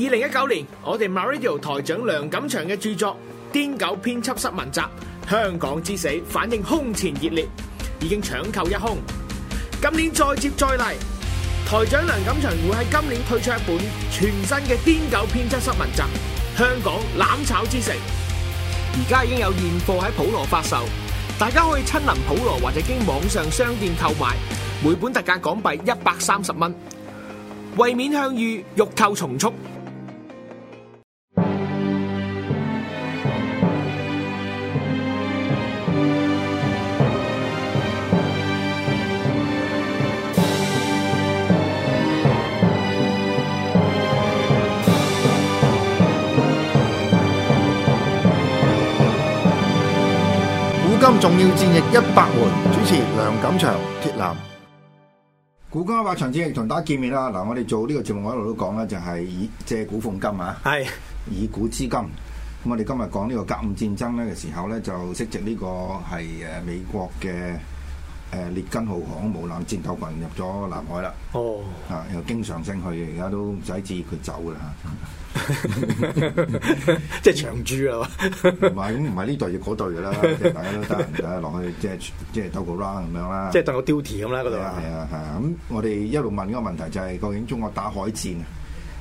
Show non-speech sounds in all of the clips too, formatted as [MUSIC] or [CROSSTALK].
二零一九年，我哋 MyRadio 台長梁錦祥嘅著作《癲狗編輯室文集》香港之死反應空前熱烈，已經搶購一空。今年再接再厲，台長梁錦祥會喺今年推出一本全新嘅《癲狗編輯室文集》香港攬炒之城》，而家已經有現貨喺普羅發售，大家可以親臨普羅或者經網上商店購買，每本特價港幣一百三十蚊，為免向隅，欲購從速。重要戰役一百回，主持梁錦祥、鐵男、古今話長戰役同大家見面啦。嗱，我哋做呢個節目，我一路都講咧，就係、是、借古諷今啊，係 [LAUGHS] 以古資今。咁我哋今日講呢個甲午戰爭咧嘅時候咧，就涉及呢個係誒美國嘅。誒，列根號航母艦戰鬥群入咗南海啦。哦，oh. 啊，又經常性去，而家都唔使旨意佢走嘅吓，即係長住啦。唔係，咁唔係呢隊就嗰隊啦，大家都得誒落去，即係即係兜個 round 咁樣啦。即係 [LAUGHS] 當個 duty 咁啦，嗰度係啊係啊係啊。咁、啊啊嗯、我哋一路問嗰個問題就係、是，究竟中國打海戰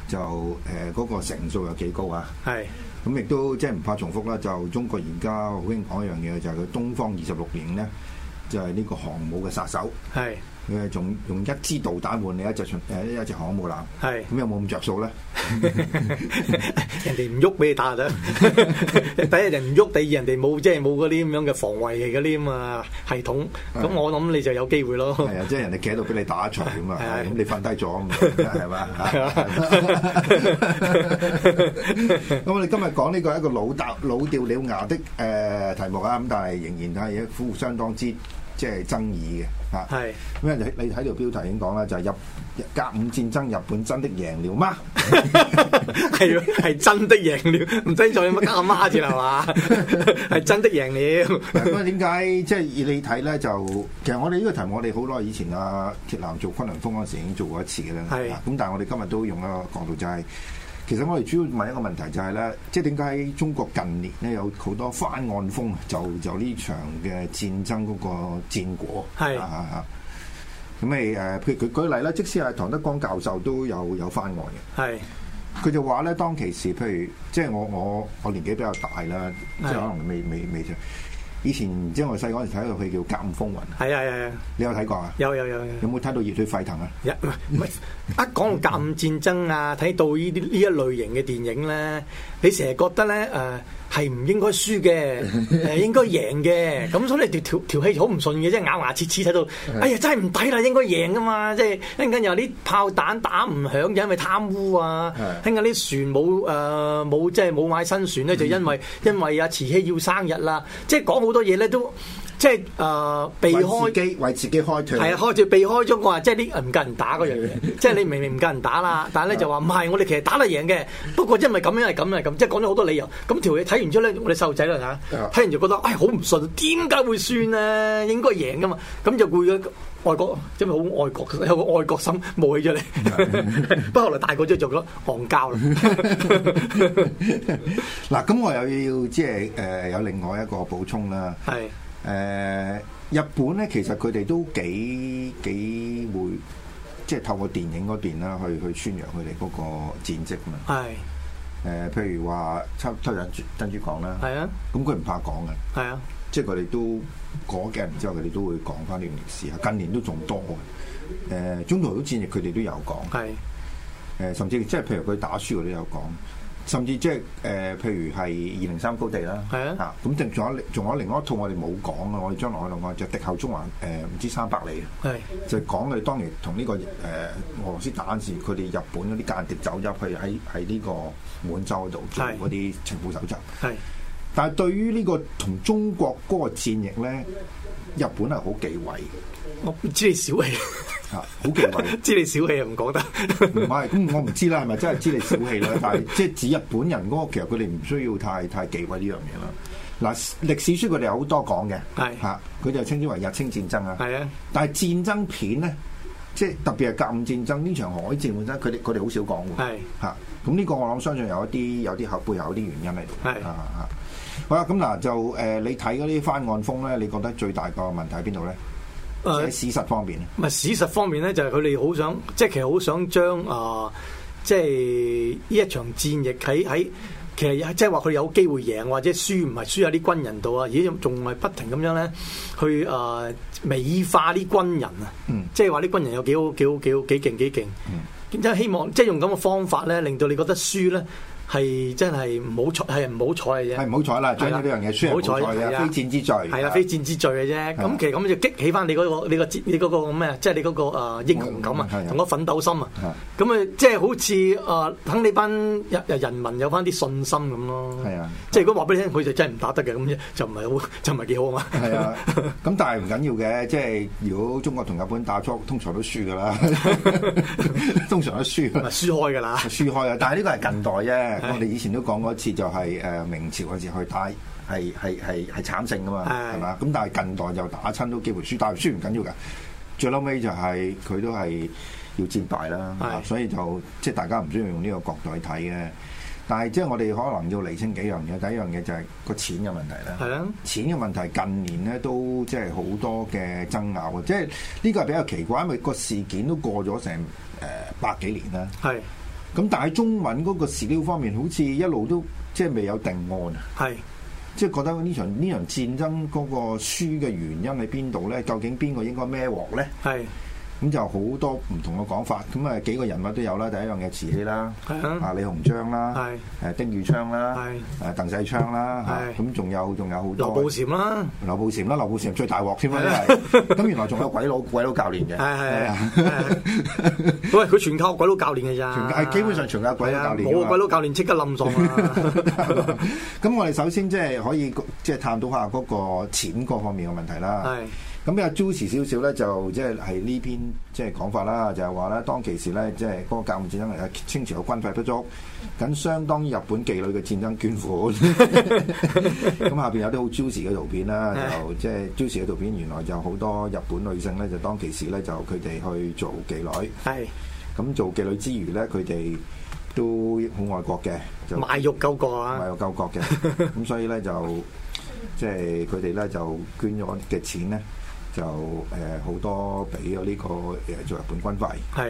就誒嗰、呃那個成數有幾高啊？係是。咁亦、嗯嗯、都即係唔怕重複啦。就中國而家好興講一樣嘢，就係、是、佢東方二十六年呢。就是就係呢個航母嘅殺手，係佢係仲用一支導彈換你一隻巡誒，一隻航母艦，係咁是有冇咁着數咧？人哋唔喐俾你打咗，第一人唔喐，第二人哋冇，即係冇嗰啲咁樣嘅防衛嘅嗰啲咁啊系統，咁我諗你就有機會咯。係啊，即係人哋企喺度俾你打場啊嘛，咁你瞓低咗咁，係嘛。咁我哋今日講呢個係一個老搭老掉了牙的誒題目啊，咁但係仍然係亦富相當之。即係爭議嘅嚇，咁是啊，你睇條標題已經講啦，就係、是、日甲午戰爭日本真的贏了嗎？係咯，係真的贏了，唔低有乜加阿媽住係嘛？係 [LAUGHS] 真的贏了。咁啊點解即係以你睇咧？就其實我哋呢個題目，我哋好耐以前啊鐵男做昆凌峯嗰陣時已經做過一次嘅啦。係咁是、啊，但係我哋今日都用一個角度就係、是。其實我哋主要問一個問題就係咧，即係點解喺中國近年咧有好多翻案風，就就呢場嘅戰爭嗰個戰果係是啊，咁咪誒？譬如佢舉例咧，即使係唐德剛教授都有有翻案嘅，係佢就話咧當其時，譬如即係、就係、我我我年紀比較大啦，即係是可能未未未，未以前即係我細個時睇過佢叫《甲午風雲》，係啊，係啊，你有睇過啊？有有有，有冇睇到熱血沸騰啊？ [LAUGHS] 一唔係唔係一講甲午戰爭啊，睇到呢啲呢一類型嘅電影咧，你成日覺得咧誒？呃係唔應該輸嘅，誒應該贏嘅，咁 [LAUGHS] 所以條條條氣好唔順嘅，即係咬牙切齒睇到，是的 哎呀真係唔抵啦，應該贏噶嘛，即係聽緊又啲炮彈打唔響嘅，因為貪污啊，聽緊啲船冇誒冇即係冇買新船咧，就因為因為阿慈禧要生日啦，即係講好多嘢咧都。即係誒避開機，為自己開脫。係啊，被開住避開咗啩，即係啲唔夠人打嗰樣嘢。 [LAUGHS] 即係你明明唔夠人打啦，但係咧就話唔係，我哋其實打得贏嘅。不過因為咁樣係咁，係咁，即係講咗好多理由。咁條嘢睇完之後咧，我哋細路仔嚟嚇睇完就覺得唉，好唔信，點解會輸咧？應該贏噶嘛。咁就會咗外國，即係好愛國，有個愛國心冒起咗嚟。 [LAUGHS] [LAUGHS] 不過後來大個之後做咗戇交 [LAUGHS] [LAUGHS] 啦。嗱，咁我又要即係誒有另外一個補充啦。係的。誒、uh, 日本咧，其實佢哋都幾幾會，即係透過電影嗰邊啦，去去穿揚佢哋嗰個戰績嘛。係誒的、uh,，譬如話抽抽緊珍珠港啦，係啊，咁佢唔怕講嘅，係啊的，即係佢哋都嗰幾日之後，佢哋都會講返呢件事。啊。近年都仲多嘅，誒、呃、中途島戰役佢哋都有講，係誒的，甚至即係譬如佢打輸佢都有講。甚至即係誒，譬如係二零三高地啦，係啊是的、嗯，咁仲仲有仲有另外一套我哋冇講啊。我哋將來可能會講就、敵後中環誒，唔、呃、知三百里，是的 就講佢當年同呢、這個誒、呃、俄羅斯打仗時，佢哋日本嗰啲間諜走入去喺喺呢個滿洲度做嗰啲情報蒐集。係，是的 但係對於呢、這個同中國嗰個戰役咧。日本係好忌諱，我唔知你小氣吓，好 [LAUGHS] 忌諱。知你小氣又唔講得，唔係咁我唔知啦，係咪真係知你小氣咧？但係即係指日本人嗰、那個，其實佢哋唔需要太太忌諱呢樣嘢啦。嗱、啊，歷史書佢哋有好多講嘅，係吓是、啊啊，佢哋就稱之為日清戰爭是啊。係啊，但係戰爭片咧，即、就、係、是、特別係甲午戰爭呢場海戰本身，佢哋佢哋好少講嘅。係吓是、啊啊，咁、啊、呢、啊、個我諗，相信有一啲有啲後背有啲原因喺度。係啊啊！好啦，咁嗱、嗯、就誒、呃，你睇嗰啲翻案風咧，你覺得最大個問題喺邊度咧？呃、喺事實方面咧。唔係事實方面咧，就係佢哋好想，即係其實好想將啊、呃，即係呢一場戰役喺喺，其實即係話佢哋有機會贏，或者輸唔係輸喺啲軍人度啊，而仲仲係不停咁樣咧，去誒、呃、美化啲軍人啊，嗯、即係話啲軍人有幾好幾好幾好幾勁幾勁，幾勁嗯，因為希望即係用咁嘅方法咧，令到你覺得輸咧。呢係真係唔好彩，係唔好彩嘅啫。係唔好彩啦！最緊要呢樣嘢輸人哋啊的，非戰之罪。係啊的，非戰之罪嘅啫。咁其實咁就激起翻你嗰、嗰個你個你嗰咩即係你嗰、嗰個、啊、英雄感啊，同嗰的奮鬥心啊。咁啊的，即係好似啊、呃，等你班人民有翻啲信心咁咯。係啊，的即係如果話俾你聽，佢就真係唔打得嘅咁啫，就唔係好，就唔係幾好啊嘛。 [LAUGHS] 係啊，咁但係唔緊要嘅，即係如果中國同日本打仗，通常都輸嘅啦。 [LAUGHS] 通常都輸，咪 [LAUGHS] 輸開嘅啦。輸開啊！但係呢個係近代啫。我哋以前都講過一次、就是，就係誒明朝嗰時去打是的，但係係係係係慘勝噶嘛，係嘛？咁但係近代就打親都幾乎輸，但係輸唔緊要噶，最撈尾就係、是、佢都係要戰敗啦，是的 所以就即係大家唔需要用呢個角度去睇嘅。但係即係我哋可能要釐清幾樣嘢，第一樣嘢就係個錢嘅問題啦。係啊，錢嘅問題近年咧都即係好多嘅爭拗啊，即係呢個係比較奇怪，因為個事件都過咗成誒百幾年啦。係。咁但係中文嗰個史料方面，好似一路都即係未有定案啊。係，即係覺得呢場呢場戰爭嗰個輸嘅原因喺邊度咧？究竟邊個應該孭鑊咧？係。咁就好多唔同嘅講法，咁啊幾個人物都有啦。第一樣嘅慈禧啦，啊李鴻章啦，誒丁汝昌啦，誒鄧世昌啦，咁仲有仲有好多。劉步蟾啦，劉步蟾啦，劉步蟾最大鑊添啦。咁原來仲有鬼佬鬼佬教練嘅。係係係。喂，佢全靠鬼佬教練嘅咋？全基本上全靠鬼佬教練。冇鬼佬教練即刻冧咗。咁我哋首先即係可以即係探討下嗰個錢各方面嘅問題啦。係。咁啊，juicy 少少咧，就即係喺呢篇即係講法啦，就係話咧當其時咧，即係嗰個甲午戰爭啊，清朝嘅軍費不足，咁相當日本妓女嘅戰爭捐款。咁下邊有啲好 juicy 嘅圖片啦，就即係 juicy 嘅圖片，原來就好多日本女性咧，就當其時咧就佢哋去做妓女。係。咁做妓女之餘咧，佢哋都好愛國嘅。就賣肉救國啊！賣肉救國嘅。咁所以咧就即係佢哋咧就捐咗嘅錢咧。就誒好多俾咗呢個誒做日本軍費，係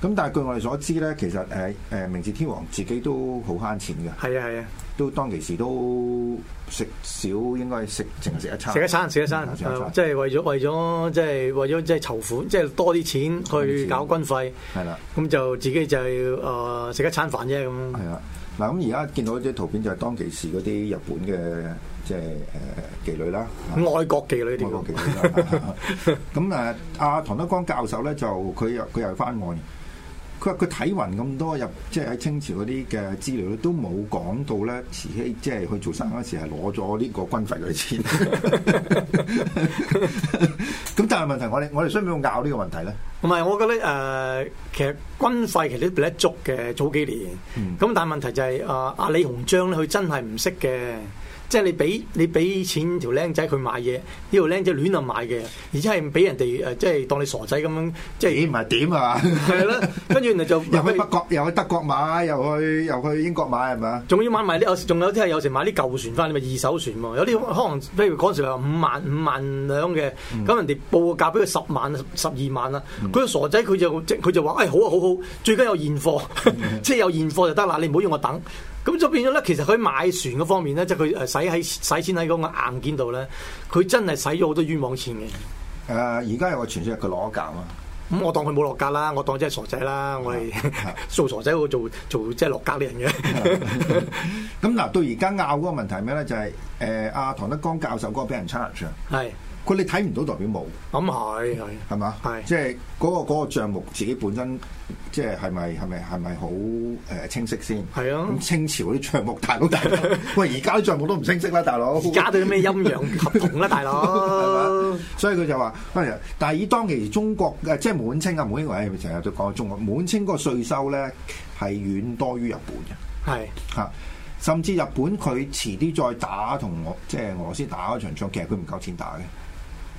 咁係。但係據我哋所知咧，其實誒誒明治天皇自己都好慳錢嘅，係啊係啊，都當其時都食少，應該食淨食一餐，食一餐食一餐，即係的為咗為咗即係為咗即係籌款，即、就、係、係即係即係即係即係、多啲錢去搞軍費，係啦治。咁、嗯嗯、就自己就誒、呃、食一餐飯啫咁。嗯嗱，咁而家見到啲圖片就係當其時嗰啲日本嘅即係誒妓女啦，愛國，國妓女，啦、 [LAUGHS] 嗯，咁啊，阿唐德光教授咧就佢又佢又係翻佢佢睇匀咁多入，即係喺清朝嗰啲嘅資料咧，都冇講到咧慈禧，即係去做生日嗰時係攞咗呢個軍費嘅錢。咁 [LAUGHS] [LAUGHS] [LAUGHS] 但係問題我，我哋我哋需唔需要拗呢個問題咧？唔係，我覺得誒、呃，其實軍費其實都俾得足嘅早幾年。咁、嗯、但係問題就係、是、啊，阿、呃、李鴻章咧，佢真係唔識嘅。即係你俾你俾錢條僆仔去買嘢，呢條僆仔亂啊買嘅，而且係俾人哋誒、呃，即係當你傻仔咁樣。咦，唔係點啊？係 [LAUGHS] 咯，跟住原來就又去北國，又去德國買，又去又去英國買係咪啊？仲要買埋啲有，仲有啲係有時買啲舊船翻，咪二手船喎。有啲可能，譬如嗰陣時話五萬五萬兩嘅，咁、嗯、人哋報個價俾佢十萬、十二萬啦。佢、嗯、個傻仔佢就佢就話：誒、哎、好啊，好啊好、啊，最緊要現貨，即 [LAUGHS] 係有現貨就得啦。你唔好要我等。咁就變咗咧，其實佢買船嗰方面咧，即係佢誒使喺使錢喺嗰個硬件度咧，佢真係使咗好多冤枉錢嘅。誒，而家有個船商佢攞落價嘛，咁我當佢冇落格啦，我當真係傻仔啦，我係做傻仔會做做即係落格嘅人嘅、啊。咁嗱、 [LAUGHS] 啊，到而家拗嗰個問題係咩咧？就係誒阿唐德光教授嗰個俾人 charge 啊。係。佢哋睇唔到代表冇，咁係係係嘛？係即係嗰個嗰、嗰個、帳目自己本身係係係，即係係咪係咪係咪好誒清晰先？係咯、啊。咁清朝啲帳目大佬，大佬喂而家啲帳目都唔清晰啦，大佬。而家對啲咩陰陽合同啦、啊， [LAUGHS] 大佬哥。所以佢就話：，但係以當時中國誒，即係滿清啊，滿清我成日都講中國滿清嗰個稅收咧係遠多於日本嘅。係嚇是、啊，甚至日本佢遲啲再打同我即係、就是、俄羅斯打嗰場仗，其實佢唔夠錢打嘅。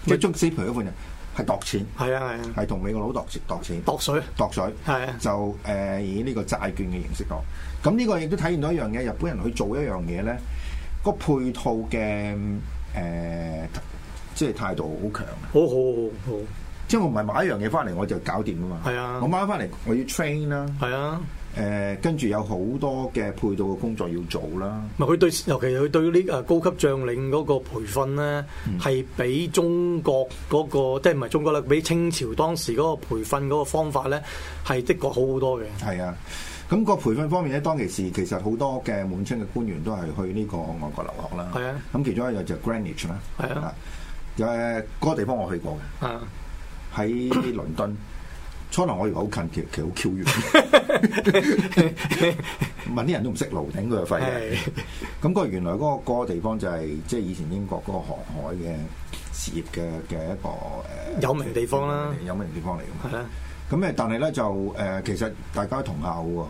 即係中資賠嗰部分人係度錢，係啊係啊，係同美國佬度度錢，度水，度水，係啊，就誒以呢個債券嘅形式度。咁呢個亦都體現到一樣嘢，日本人去做一樣嘢咧，個配套嘅誒、呃，即係態度好強。好，好好好，好，即係我唔係買一樣嘢翻嚟我就搞掂啊嘛。係啊，我買咗翻嚟，我要 train 啦。係啊。誒跟住有好多嘅配套嘅工作要做啦。咪佢對，尤其佢對呢誒高級將領嗰個培訓咧，係、嗯、比中國嗰、嗰個，即係唔係中國啦？比清朝當時嗰個培訓嗰個方法咧，係的確好好多嘅。係啊，咁個培訓方面咧，當其時其實好多嘅滿清嘅官員都係去呢個外國留學啦。係啊，咁其中一樣就係 Greenwich 啦。係啊，誒嗰、啊、個地方我去過嘅。啊，喺倫敦。 [LAUGHS] 初頭我以為好近，其實其實好 Q 遠。 [LAUGHS] [LAUGHS] 問啲人都唔識路，頂佢個肺。咁的個原來嗰個地方就係、是、即係以前英國嗰個航海嘅事業嘅嘅一個誒有名地方啦，有名地方嚟㗎嘛。咁誒的，但係咧就誒、呃，其實大家都同校喎，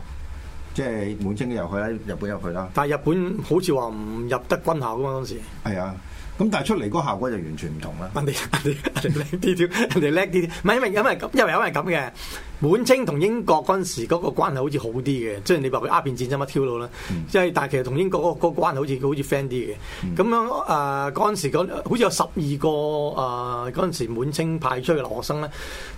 即係滿清嘅入去啦，日本入去啦。但係日本好似話唔入得軍校㗎嘛？當時係啊。咁但係出嚟嗰個效果就完全唔同啦。 [MUSIC] 人哋叻啲啲，人哋叻啲啲，唔係因為因為咁，因為有係咁嘅。滿清同英國嗰陣時嗰個關係好似好啲嘅，即係你話佢鴉片戰爭一挑到啦，即係、嗯、但係其實同英國嗰個關係好似好似 friend 啲嘅。咁樣誒，嗰陣時嗰好似有十二個誒，嗰陣時滿清派出嘅留學生咧，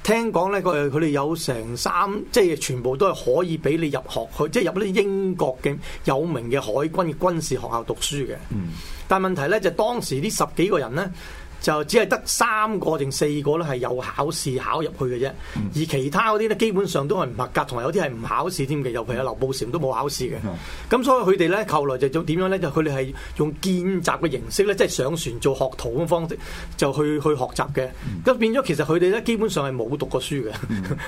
聽講咧佢佢哋有成三，即係全部都係可以俾你入學去，即係入啲英國嘅有名嘅海軍嘅軍事學校讀書嘅。嗯、但係問題咧就是、當時呢十幾個人咧。就只係得三個定四個咧係有考試考入去嘅啫，嗯、而其他嗰啲咧基本上都係唔合格，同埋有啲係唔考試添嘅，尤其係劉步蟾都冇考試嘅。咁、嗯、所以佢哋咧後來就點樣咧？就佢哋係用見習嘅形式咧，即係上船做學徒咁方式，就去去學習嘅。咁、嗯、變咗其實佢哋咧基本上係冇讀過書嘅，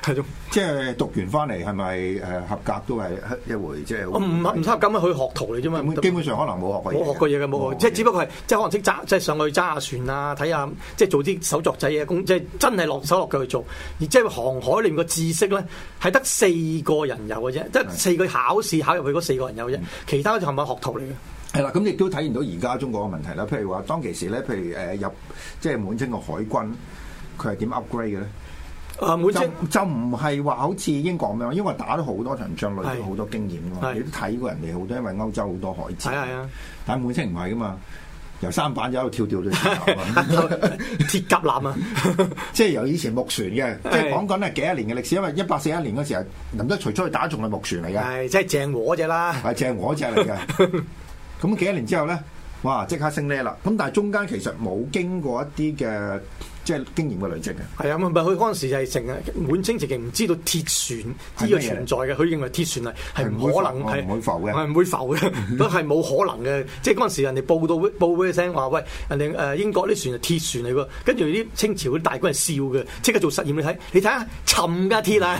係、嗯、 [LAUGHS] 即係讀完翻嚟係咪誒合格都係一回？即係我唔唔合格咁咪去學徒嚟啫嘛。基本上可能冇學過嘢。冇學過嘢嘅冇，即係只不過係即係可能識揸，即係上去揸下船啦。睇下即係做啲手作仔嘢工，即係真係落手落腳去做。而即係航海裏面嘅知識咧，係得四個人有嘅啫，即係四個考試考入去嗰四個人有啫，其他就係咪學徒嚟嘅。係啦，咁亦都體現到而家中國嘅問題啦。譬如話，當其時咧，譬如誒入即係滿清嘅海軍，佢係點 upgrade 嘅咧？誒、呃，滿清就唔係話好似英國咁樣，因為打咗好多場仗，累積好多經驗嘅嘛。你都睇過人哋好多，因為歐洲好多海戰。係啊係啊，但係滿清唔係噶嘛。由舢板就喺度跳跳嘅 [LAUGHS] 鐵甲艦籃啊！ [LAUGHS] 即係由以前木船嘅， [LAUGHS] 即係講緊係幾多年嘅歷史，因為一八四一年嗰時係林則徐出去打仲係木船嚟嘅。係， [LAUGHS] [LAUGHS] 即係鄭和隻啦。係鄭和隻嚟嘅。咁幾十年之後咧，哇！即刻升呢啦。咁但係中間其實冇經過一啲嘅。即係經驗嘅累積嘅。係啊，唔係佢嗰陣時就係成日滿清直情唔知道鐵船知道存在嘅，佢認為鐵船係係唔可能係唔會浮嘅，係唔會浮嘅，都係冇可能嘅。即係嗰陣時人哋報道報嗰聲話喂，人哋誒、呃、英國啲船係鐵船嚟嘅，跟住啲清朝啲大官係笑嘅，即刻做實驗。你睇，你睇下沉嘅鐵呀。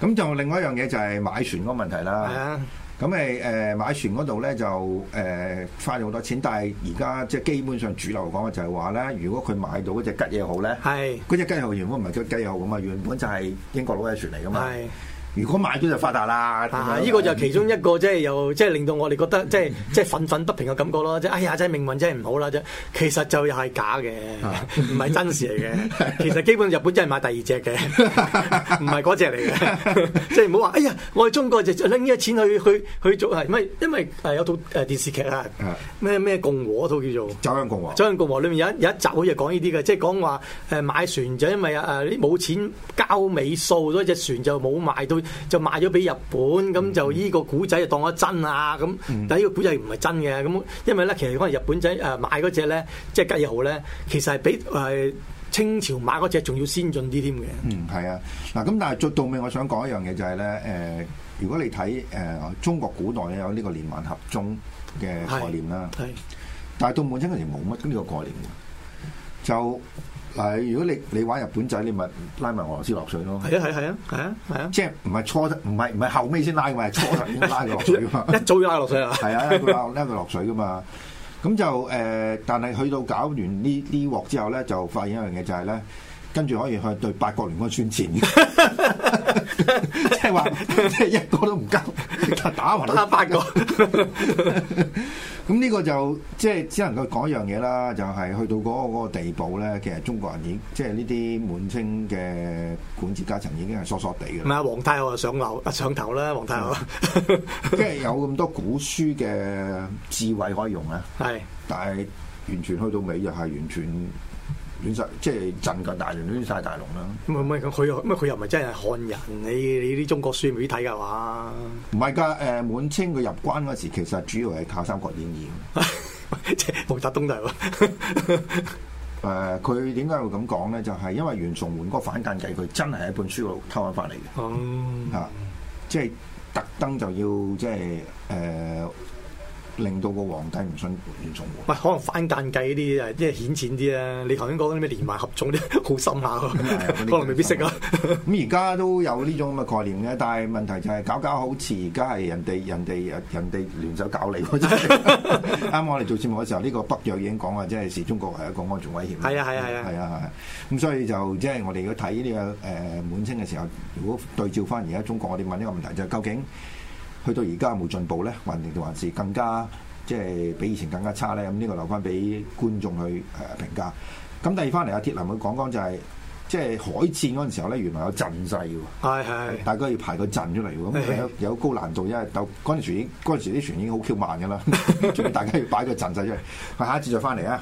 咁就、啊、 [LAUGHS] [LAUGHS] 另外一樣嘢就係買船嗰個問題啦。咁誒誒買船嗰度咧就誒花咗好多錢，但係而家即係基本上主流講嘅就係話咧，如果佢買到嗰隻吉野號咧，嗰隻是吉野號，原本唔係叫吉野號噶嘛，原本就係英國佬嘅船嚟噶嘛。如果買咗就發達啦！呢依個就其中一個，即係又即係令到我哋覺得，即係即係憤憤不平嘅感覺咯。即係哎呀，真係命運真係唔好啦！真其實就係假嘅，唔係 [LAUGHS] 真事嚟嘅。其實基本日本真係買第二隻嘅，唔係嗰隻嚟嘅。即係唔好話，哎呀，我哋中國就拎呢個錢去去去做係咪？因為係有套誒電視劇啦，咩咩共和套叫做《走向共和》。走向共和裏面有一有一集好似講呢啲嘅，即係講話誒買船就因為誒啲冇錢交尾數，咗以隻船就冇買到。就賣咗俾日本，咁就依個古仔就當咗真啊，咁，但係依個古仔唔係真嘅，咁因為咧其實可能日本仔誒買嗰隻咧，即係吉野號咧，其實係比誒、呃、清朝買嗰隻仲要先進啲添嘅。嗯，係啊，嗱咁，但係最到尾我想講一樣嘢就係、是、咧，誒、呃，如果你睇誒、呃、中國古代咧有呢個連環合鐘嘅概念啦，係，但係到滿清嗰時冇乜咁呢個概念嘅，就。係，如果你你玩日本仔，你咪拉埋俄羅斯落水咯。係啊係啊係啊係啊，啊啊啊即係唔係，初唔係唔係後尾先拉，咪係初頭先拉佢落水啊嘛。 [LAUGHS] [LAUGHS] 一早要拉落水 [LAUGHS] 啊，係啊，佢早拉拉佢落水噶嘛。咁就誒、呃，但係去到搞完呢呢鑊之後咧，就發現一樣嘢就係咧。跟住可以去對八國聯軍宣戰， [LAUGHS] 即係話即係一個都唔夠，打埋攤八個。咁呢個就即係、就是、只能夠講一樣嘢啦，就係、是、去到嗰、那個那個地步咧，其實中國人已經即係呢啲滿清嘅管治階層已經係疏疏地嘅。唔係啊，皇太后就上樓上頭啦，皇太后、嗯。 [LAUGHS] 即係有咁多古書嘅智慧可以用啊。係是，但係完全去到尾又係完全。亂晒即係鎮緊，亂大亂亂晒大龍啦。唔唔，佢乜佢又唔係真係漢人？你你啲中國書唔啲睇噶嘛？唔係噶，誒、呃，滿清佢入關嗰時，其實主要係靠《三國演義》 [LAUGHS] 即 [LAUGHS] 呃。即係毛澤東就係誒，佢點解會咁講咧？就係、是、因為袁崇煥嗰個反間計，佢真係喺本書度偷翻翻嚟嘅。哦，吓，即係特登就要即係誒。呃令到個皇帝唔信亂種喎，唔可能反間計啲啊，即係顯淺啲啦。你頭先講嗰啲咩連環合縱啲好深下。可能未必識啊。咁而家都有呢種咁嘅概念嘅，但係問題就係搞搞好似而家係人哋人哋人哋聯手搞你，啱啱我哋做節目嘅時候，呢個北約已經講話，即係是中國係一個安全威脅。係啊係啊係啊係啊。咁所以就即係我哋要睇呢個誒滿清嘅時候，如果對照翻而家中國，我哋問呢個問題就係究竟。去到而家冇進步咧，還定還是更加即係比以前更加差咧？咁呢個留翻俾觀眾去誒、呃、評價。咁第二翻嚟阿鐵男會講講、就係，我講講就係即係海戰嗰陣時候咧，原來有陣勢嘅喎。係係，大家要排個陣出嚟喎。咁是有有高難度，因為鬥嗰陣時已經嗰陣啲船已經好 Q 慢嘅啦，仲 [LAUGHS] 要大家要擺個陣勢出嚟。係下一次再翻嚟啊！